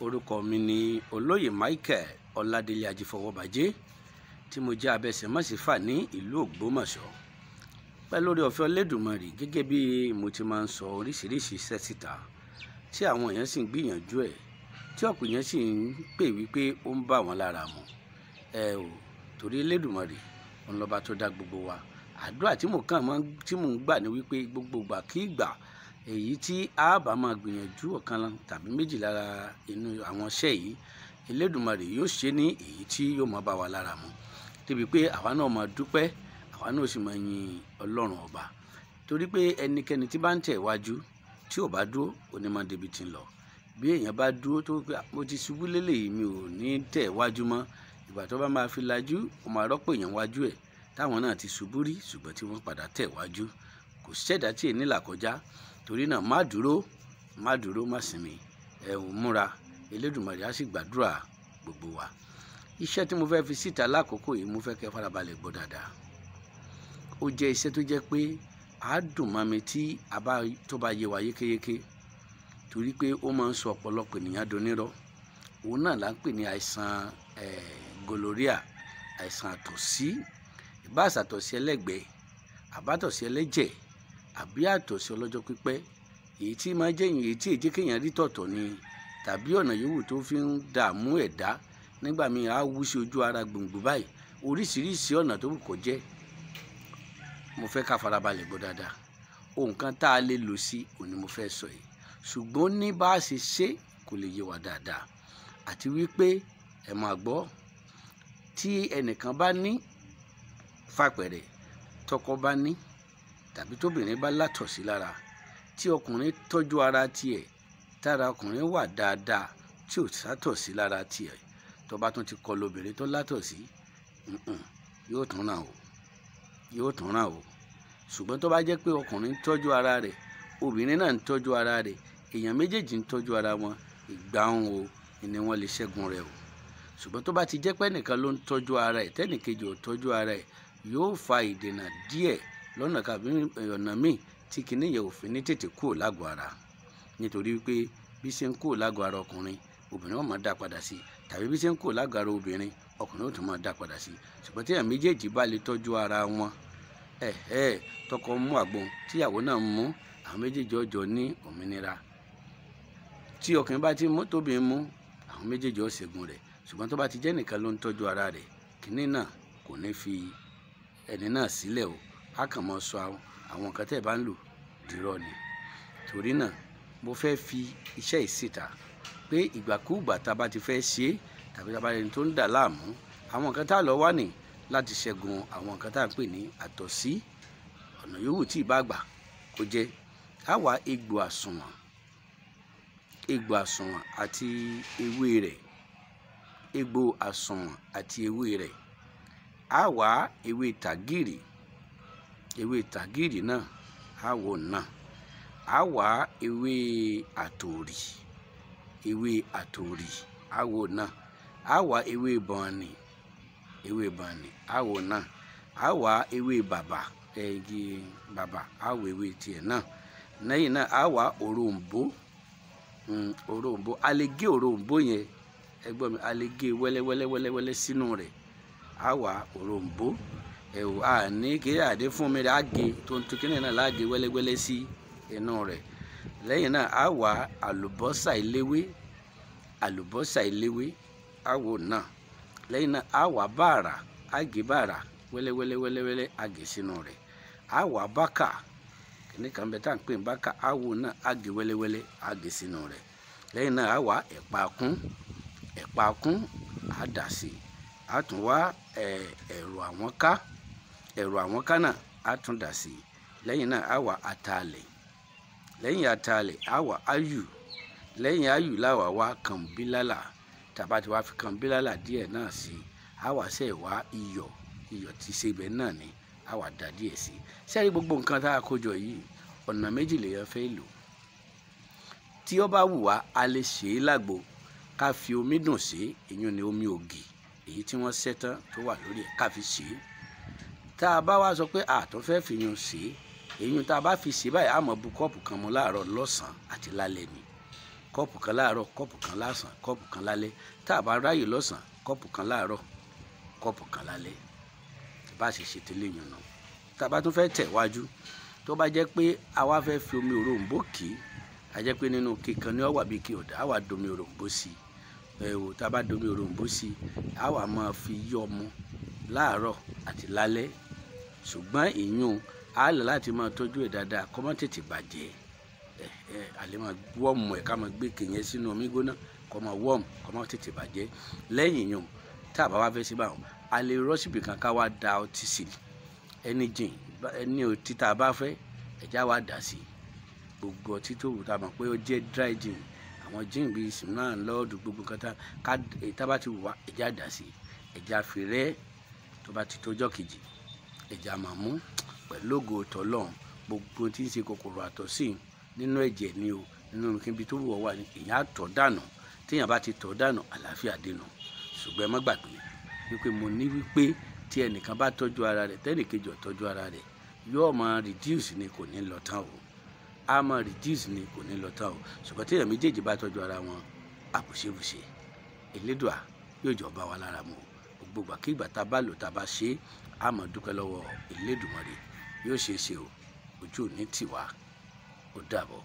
orúkọ mi ni olóyè Michael Ọládélé Ajífọwọ́bajé tí mo jẹ́ abẹsẹ̀mọ́sífà ní ìlú Ògbómọ̀ṣọ́ pẹ́ lórí ọ̀fẹ́ Olódùmarè gẹ́gẹ́ bí mo ti máa ń sọ oríṣiríṣi iṣẹ́ síta tí àwọn èèyàn sì ń gbìyànjú ẹ̀ tí ọ̀pọ̀ èèyàn sì ń pè wípé ó ń bà wọ́n lára mu ẹ ò torí Elédùmarè òun tó dá gbogbo wa àdúrà tí mo kàn máa tí mò ń gbà ní wípé gbogbo ìgbà kí ìgbà èyí tí a bá máa gbìyànjú ọ̀kan tàbí méjì lára inú àwọn iṣẹ́ yìí Elédùmarè yóò ṣe ní èyí tí yóò máa bá wa lára mu débi pé àwa náà máa dúpẹ́ àwa náà sì máa yin Ọlọ́run ọba torí pé ẹnikẹ́ni tí bá ń tẹ̀ wájú tí ò bá dúró òní máa débi tí ń lọ bí èèyàn bá dúró tó pé mo ti ṣubú lélẹ̀ yìí mi ò ní tẹ̀ wájú mọ́ ìgbà tó bá máa fi lajú ó máa rọ́pò èèyàn wájú ẹ̀ táwọn náà ti ṣubú rí ṣùgbọ́n tí wọ́n padà tẹ̀ wájú kò sẹ́dá tí èèyàn nílà kọjá torí náà má dúró má dúró má sinmi ẹ ń múra Elédùmarè á sì gbàdúrà gbogbo wa iṣẹ́ tí mo fẹ́ fi síta lákòókò yìí mo fẹ́ kẹ́ farabalẹ̀ gbọ́ dáadáa ó jẹ́ iṣẹ́ tó jẹ́ pé á dùn mọ́ mi tí abá tó bá yé wa yékéyéké torí pé ó máa ń sọ ọ̀pọ̀lọpọ̀ ènìyàn donírọ́ òun náà là ń pè ní àìsàn gonorrhea àìsàn àtọ̀sí ìbáàsàtọ̀sí ẹlẹ́gbẹ̀ẹ́ àbátọ̀sí ẹlẹ́jẹ̀ẹ́ àbí àtọ̀sí ọlọ́jọ́ pípẹ́ èyí tí máa jẹ́yìn èyí tí èjì kéèyàn rí tọ̀tọ̀ ni tàbí ọ̀nà yòówù tó fi ń dààmú ẹ̀dá nígbà míì á wú sí ojú ara gbòǹgbò báyìí oríṣiríṣi ọ̀nà tó wù kó jẹ́ mo fẹ́ ká farabalẹ̀ gbọ́ dáadáa ohun kan tá a lè lò sí òní mo fẹ́ sọ yìí ṣùgbọ́n ní bá a ṣe ṣe kò lè yé wa dáadáa àti wípé ẹ máa gbọ́ tí ẹnìkan bá ní fàpẹ̀rẹ̀ tọkọ bá ní tàbí tóbìnrin bá látọ̀sí lára tí ọkùnrin tọ́jú ara tiẹ̀ tára ọkùnrin wà dáadáa tí ò sátọ̀sí lára tiẹ̀ tó bá tún ti kọlu obìnrin tó látọ̀sí yóò tún ràn o yóò tún ràn o ṣùgbọ́n tó bá jẹ́ pé ọkùnrin ń tọ́jú ara rẹ̀ obìnrin náà ń tọ́jú ara rẹ̀ èèyàn méjèèjì ń tọ́jú ara wọn ìgbàhùn o ni wọ́n lè ṣẹ́gun rẹ̀ o ṣùgbọ́n tó bá ti jẹ́ pé ẹnìkan ló ń tọ́jú ara ẹ̀ tẹ́nìkejì ò tọ́jú ara ẹ̀ yóò fa ìdènà díẹ̀ lọ́nà kàbí ọ̀nà míì tí kinní yẹn ò fi ní tètè kúrò lágọ̀ ara nítorí wípé bí ṣe ń kúrò lágọ̀ ara ọkùnrin obìnrin ó máa dá padà sí tàbí bí ṣe ń kúrò lágọ̀ ara obìnrin ọkùnrin ó tún máa dá padà sí ṣùgbọ́n tí àwọn méjèèjì bá lè tọ́jú ara wọn ẹ̀ẹ́ tọkọ mú àgbọn tíyàwó náà mú àwọn méjèèjì ọjọ́ ní òmìnira tí ọkùnrin bá ti mú tóbi mú àwọn méjèèjì ó rẹ̀ ṣùgbọ́n tó bá ti jẹ́ nìkan ló ń tọ́jú ara rẹ̀ kínní kò ní fi ẹni náà sílẹ̀ o a kàn mọ́ sọ àwọn nǹkan tẹ́ ẹ bá ń lò dìrọ̀ ni torí náà mo fẹ́ fi iṣẹ́ ìsìta pé ìgbàkúùgbà tá a bá ti fẹ́ ṣe é tàbí tá a bá rẹni tó ń dà láàmú àwọn nǹkan tá a lọ wá nì láti ṣẹ́gun àwọn nǹkan tá a pè ní àtọ̀sí ọ̀nà yòówù tí ìbá gbà kó jẹ́ á wá egbò àsùnwọ̀n egbò àsùnwọ̀n àti ewé rẹ̀ egbò àsùnwọ̀n àti ewé rẹ̀ á wá ewé tàgìrì ewé tagiri náà á wò náà á atori ewé àtòrì ewé àtòrì á náà á ewé bọ̀ọ̀nì ewé bọ̀ọ̀nì á náà á ewé bàbà ẹ̀gì bàbà á ewé tiẹ̀ náà lẹ́yìn náà á hmm, ẹ̀wò a ní kiri àdé fún omi rẹ̀ á tó ń tukí náà láàgé wẹ́lẹ́wẹ́lẹ́ sí inú rẹ̀ lẹ́yìn náà á wá àlùbọ́sà eléwé àlùbọ́sà eléwé á náà lẹ́yìn náà á wá bàrà á gé bàrà wẹ́lẹ́wẹ́lẹ́ wẹ́lẹ́wẹ́lẹ́ sínú rẹ̀ á wá bákà kìnnì kan bẹ tá à pè bákà náà ẹ̀rù àwọn kánà á tún dà sí i lẹ́yìn náà á wà àtàlẹ̀ lẹ́yìn àtàlẹ̀ á wà ayù lẹ́yìn ayù láwà wá kànbílálà tàbá ti wá fi kànbílálà díẹ̀ náà sí i á wà sẹ́ẹ̀ wá iyọ̀ iyọ̀ ti ṣe ibẹ̀ náà ni á wà dà díẹ̀ sí i sẹ́ẹ̀rí gbogbo nǹkan tá a kó yìí ọ̀nà méjì lèèyàn fẹ́ lò tí ó bá wù wá a lè ṣe é lágbo ká fi omi dùn sí èyí ni omi ògì èyí tí wọ́n ṣẹ́ tán tó wà lórí ẹ̀ ká fi ṣe é tá a bá wá sọ pé àtún fẹ́ fìyàn sí èyí tá a bá fi sí báyìí àmọ́ bu kọ́ọ̀pù kan mu láàárọ̀ lọ́sàn-án àti lálẹ́ ni kọ́ọ̀pù kan láàárọ̀ kọ́ọ̀pù kan lásán kọ́ọ̀pù kan lálẹ́ tá a bá ráyè lọ́sàn kọ́ọ̀pù kan láàárọ̀ kọ́ọ̀pù kan lálẹ́ bá a ṣe ṣe tẹ́lẹ̀ yàn náà tá a bá tún fẹ́ tẹ̀ wájú tó bá jẹ́ pé a wá fẹ́ fi omi òrombó kì í a jẹ́ pé nínú kíkan ní ọ̀wà bíi kí ọ̀dà á wà domi òrombó sí i ẹ̀wò tá a bá domi òrombó sí i á wà máa fi yí ọmọ láàárọ̀ àti lálẹ́ ṣùgbọ́n ìyún á lè láti máa tọ́jú ẹ̀ dáadáa kó má tètè bàjẹ́ ẹ ẹ àlè máa wọ́ọ̀mù ẹ̀ ká máa gbé kìnyẹn sínú omi gbóná kó máa wọ́ọ̀mù kó má tètè bàjẹ́ lẹ́yìn ìyún tá a bá wá fẹ́ sí báwọn a lè rọ́ṣìbì kan ká wá da ọtí sí i ẹni jìn ẹni ọtí tá a bá fẹ́ ẹ̀já wá dà sí i gbogbo ọtí tó wù tá a mọ̀ pé ó jẹ́ dry gin àwọn gin bíi simran lọ́ọ̀dù gbogbo kata ká tá a bá ti wù wá ẹ̀já dà sí i ẹ̀já fi rẹ́ tó bá ti tójọ́ kejì ẹja màmú pẹ̀lú ògo tọ́lọ́run gbogbo tí ń ṣe kòkòrò àtọ̀sí nínú ẹ̀jẹ̀ ni o nínú kíbi tó wọ̀ wá ni èèyàn á tọ̀ dànù téèyàn bá ti tọ̀ dànù àlàáfíà dènà ṣùgbọ́n ẹ má gbàgbé wípé mo ní wípé tí ẹnìkan bá tọ́jú ara rẹ̀ tẹ́nìkejì ò tọ́jú ara rẹ̀ yóò máa reduce ni kò ní lọ tán o á máa reduce ni kò ní lọ tán o ṣùgbọ́n téèyàn méjèèjì bá tọ́jú ara wọn àbùṣebùṣe Elédùà yóò jọ bá wa lára mu gbogbo àkígbà tá a bá lò tá a bá ṣe é a máa dúpẹ́ lọ́wọ́ Elédùmarè yóò ṣe é ṣe o ojú ò ní tì wá ó dàbọ̀.